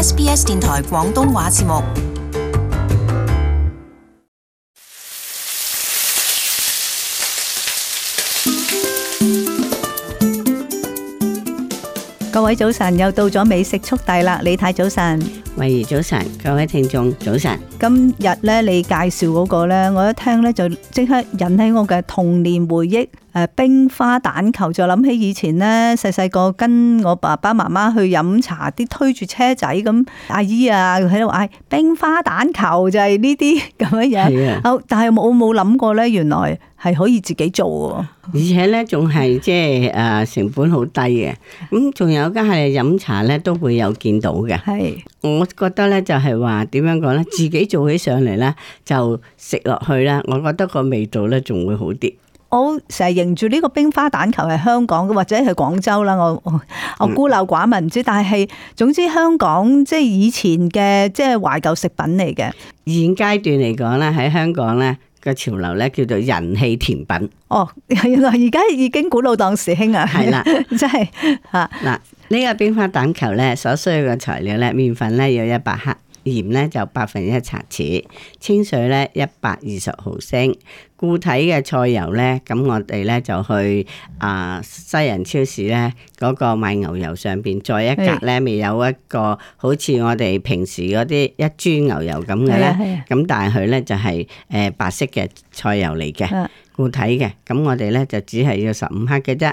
SBS 電台廣東話節目，各位早晨，又到咗美食速遞啦！李太早晨。慧儀早晨，各位聽眾早晨。今日咧，你介紹嗰個咧，我一聽咧就即刻引起我嘅童年回憶。誒，冰花蛋球，就諗起以前咧，細細個跟我爸爸媽媽去飲茶，啲推住車仔咁，阿姨啊喺度嗌冰花蛋球就，就係呢啲咁樣樣。係啊，但係我冇諗過咧，原來係可以自己做，而且咧仲係即係誒成本好低嘅。咁仲有間係飲茶咧都會有見到嘅，係。我覺得咧就係話點樣講咧，自己做起上嚟咧就食落去啦。我覺得個味道咧仲會好啲。我成日認住呢個冰花蛋球係香港或者係廣州啦。我我，我孤陋寡聞唔知，但係總之香港即係以前嘅即係懷舊食品嚟嘅。現階段嚟講咧喺香港咧個潮流咧叫做人氣甜品。哦，原來而家已經古老當時興啊！係啦的， 真係吓嗱。 呢個冰花蛋球咧，所需要嘅材料咧，麵粉咧有一百克，鹽咧就百分一茶匙，清水咧一百二十毫升，固體嘅菜油咧，咁我哋咧就去啊西人超市咧嗰個賣牛油上邊，再一格咧咪有一個好似我哋平時嗰啲一磚牛油咁嘅咧，咁但係佢咧就係誒白色嘅菜油嚟嘅。固體嘅，咁我哋咧就只係要十五克嘅啫。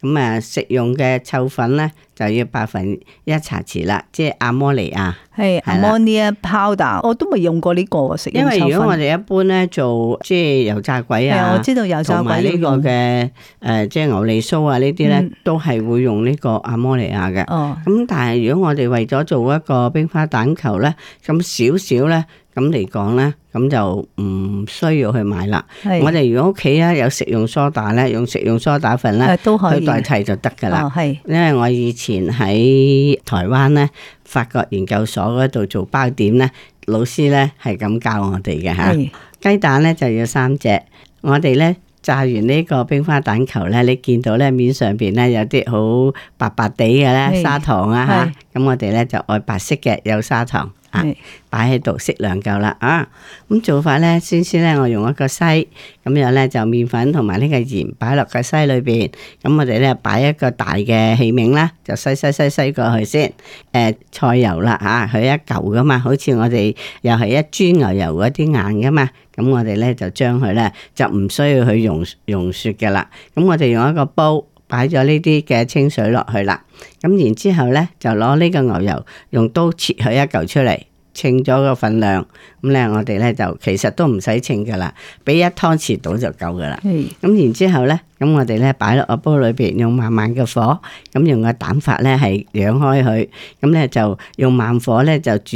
咁、嗯、啊，食用嘅臭粉咧就要百分一茶匙啦，即係阿摩尼亞。係阿摩尼亞 powder，我都未用過呢、這個食。因為如果我哋一般咧做即係油炸鬼啊，hey, 我知道油炸鬼呢、這個嘅誒、這個呃，即係牛脷酥啊呢啲咧、嗯、都係會用呢個阿摩尼亞嘅。哦，咁但係如果我哋為咗做一個冰花蛋球咧，咁少少咧。咁嚟講咧，咁就唔需要去買啦。的我哋如果屋企咧有食用梳打咧，用食用梳打粉咧，都可以代替就得噶啦。哦，因為我以前喺台灣咧，法國研究所嗰度做包點咧，老師咧係咁教我哋嘅嚇。的雞蛋咧就要三隻，我哋咧炸完呢個冰花蛋球咧，你見到咧面上邊咧有啲好白白地嘅咧砂糖啊嚇，咁我哋咧就愛白色嘅有砂糖。擺喺度適量夠啦啊，咁、啊、做法呢，先先呢，我用一個篩，咁樣麵呢，就麵粉同埋呢個鹽擺落個篩裏邊，咁我哋呢，擺一個大嘅器皿啦，就篩篩篩篩過去先，誒、啊、菜油啦吓，佢、啊、一嚿噶嘛，好似我哋又係一磚牛油嗰啲硬噶嘛，咁我哋呢，就將佢呢，就唔需要去溶溶雪噶啦，咁我哋用一個煲。擺咗呢啲嘅清水落去啦，咁然之後呢就攞呢個牛油，用刀切佢一嚿出嚟，稱咗個份量，咁呢，我哋呢就其實都唔使稱噶啦，俾一湯匙度就夠噶啦。咁是然之後呢，咁我哋呢擺落個煲裏邊，用慢慢嘅火，咁用個膽法呢係養開佢，咁呢，就用慢火呢，就煮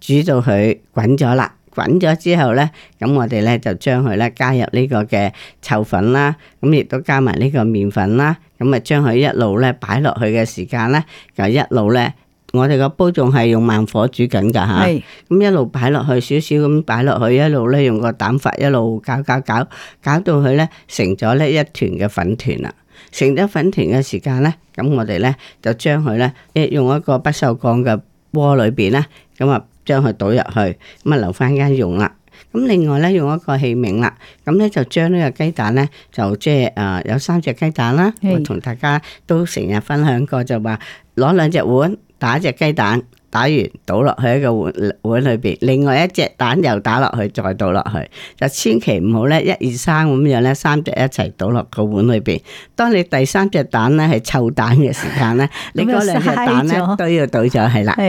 煮到佢滾咗啦。滾咗之後咧，咁我哋咧就將佢咧加入呢個嘅臭粉啦，咁亦都加埋呢個麵粉啦，咁啊將佢一路咧擺落去嘅時間咧，就一路咧，我哋個煲仲係用慢火煮緊㗎嚇。係。咁一路擺落去少少咁擺落去，一路咧用個蛋拂一路攪攪攪，攪到佢咧成咗咧一團嘅粉團啦。成咗粉團嘅時間咧，咁我哋咧就將佢咧用一個不鏽鋼嘅鍋裏邊咧，咁啊。將佢倒入去，咁啊留翻間用啦。咁另外呢，用一個器皿啦，咁呢就將呢個雞蛋呢，就即係、呃、有三隻雞蛋啦。的我同大家都成日分享過就是，就話攞兩隻碗打隻雞蛋。打完倒落去一個碗碗裏邊，另外一隻蛋又打落去，再倒落去，就千祈唔好咧，一二三咁樣咧，三隻一齊倒落個碗裏邊。當你第三隻蛋咧係臭蛋嘅時間咧， 嗯、你嗰兩隻蛋咧 都要倒咗。係啦 是。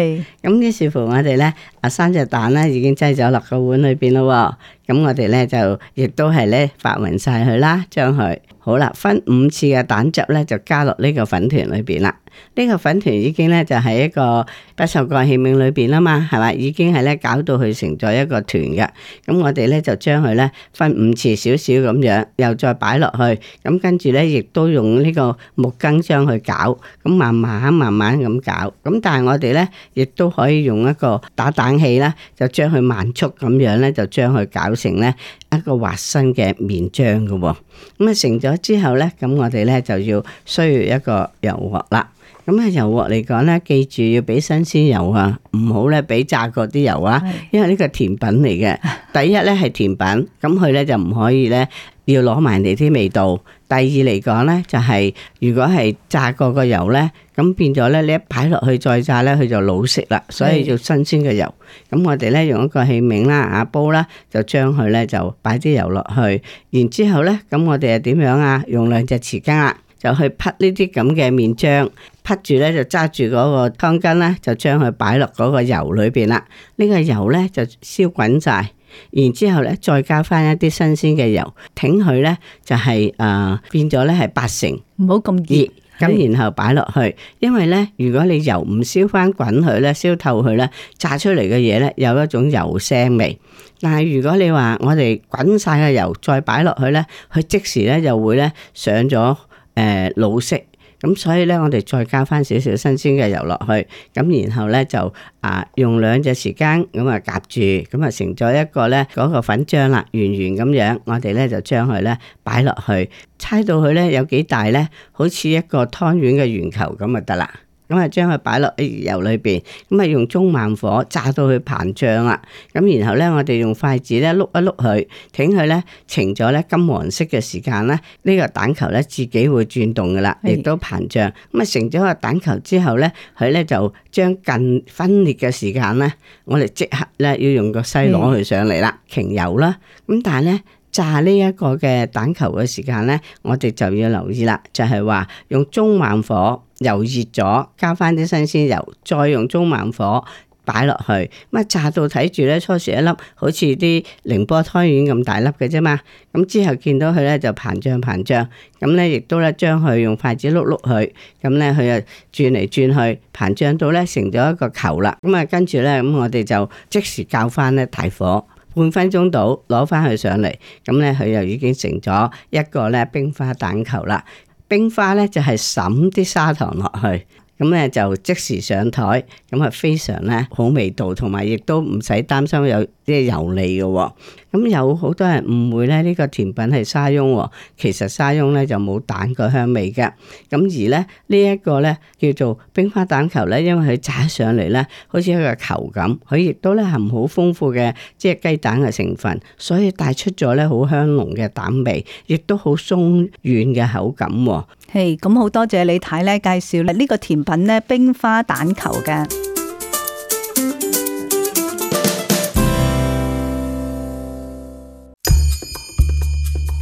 咁於是乎我哋咧，啊三隻蛋咧已經擠咗落個碗裏邊咯。咁我哋咧就亦都係咧發勻晒佢啦，將佢。好啦，分五次嘅蛋汁咧，就加落呢個粉糰裏邊啦。呢個粉糰已經咧就係一個不鏽鋼器皿裏邊啦嘛，係咪？已經係咧攪到佢成咗一個團嘅。咁我哋咧就將佢咧分五次少少咁樣，又再擺落去。咁跟住咧，亦都用呢個木羹將去攪。咁慢慢慢慢咁攪。咁但係我哋咧，亦都可以用一個打蛋器啦，就將佢慢速咁樣咧，就將佢攪成咧一個滑身嘅麵漿嘅。咁啊，成咗。之後呢，咁我哋呢就要需要一個油鑊啦。咁啊，油鑊嚟講呢，記住要俾新鮮油啊，唔好咧俾炸過啲油啊，是因為呢個係甜品嚟嘅。 第一呢係甜品，咁佢呢就唔可以呢。要攞埋人哋啲味道。第二嚟講咧，就係、是、如果係炸過個油咧，咁變咗咧，你一擺落去再炸咧，佢就老色啦。所以要新鮮嘅油。咁、嗯、我哋咧用一個器皿啦，嚇、啊、煲啦，就將佢咧就擺啲油落去。然之後咧，咁我哋又點樣啊？用兩隻匙羹啦，就去揼呢啲咁嘅麵漿揼住咧，就揸住嗰個湯羹咧，就將佢擺落嗰個油裏邊啦。呢、這個油咧就燒滾晒。然之後咧，再加翻一啲新鮮嘅油，挺佢咧就係誒變咗咧係八成，唔好咁熱，咁然後擺落去。因為咧，如果你油唔燒翻滾佢咧，燒透佢咧，炸出嚟嘅嘢咧有一種油腥味。但係如果你話我哋滾晒嘅油再擺落去咧，佢即時咧就會咧上咗誒老色。咁所以咧，我哋再加翻少少新鮮嘅油落去，咁然後咧就啊用兩隻匙羹咁啊夾住，咁啊成咗一個咧嗰個粉漿啦，圓圓咁樣，我哋咧就將佢咧擺落去，猜到佢咧有幾大咧，好似一個湯圓嘅圓球咁就得啦。咁啊，將佢擺落油裏邊，咁啊用中慢火炸到佢膨脹啦。咁然後咧，我哋用筷子咧碌一碌佢，等佢咧呈咗咧金黃色嘅時間咧，呢、這個蛋球咧自己會轉動噶啦，亦都的膨脹。咁啊成咗個蛋球之後咧，佢咧就將近分裂嘅時間咧，我哋即刻咧要用個篩攞佢上嚟啦，擎的油啦。咁但係咧。炸呢一個嘅蛋球嘅時間呢，我哋就要留意啦，就係、是、話用中慢火，油熱咗，加翻啲新鮮油，再用中慢火擺落去，炸到睇住咧，初時一粒好似啲寧波湯圓咁大粒嘅啫嘛，咁、嗯、之後見到佢咧就膨脹膨脹，咁咧亦都將佢用筷子碌碌佢，咁咧佢啊轉嚟轉去，膨脹到咧成咗一個球啦，咁、嗯、啊跟住呢，咁、嗯、我哋就即時教翻咧大火。半分鐘到攞翻佢上嚟，咁咧佢又已經成咗一個咧冰花蛋球啦。冰花咧就係滲啲砂糖落去，咁咧就即時上台，咁啊非常咧好味道，同埋亦都唔使擔心有啲油膩嘅喎、哦。咁有好多人誤會咧，呢個甜品係沙翁，其實沙翁咧就冇蛋個香味嘅。咁而咧呢一個咧叫做冰花蛋球咧，因為佢炸上嚟咧，好似一個球咁，佢亦都咧含好豐富嘅即係雞蛋嘅成分，所以帶出咗咧好香濃嘅蛋味，亦都好鬆軟嘅口感。嘿，咁好多謝你睇咧介紹呢個甜品咧冰花蛋球嘅。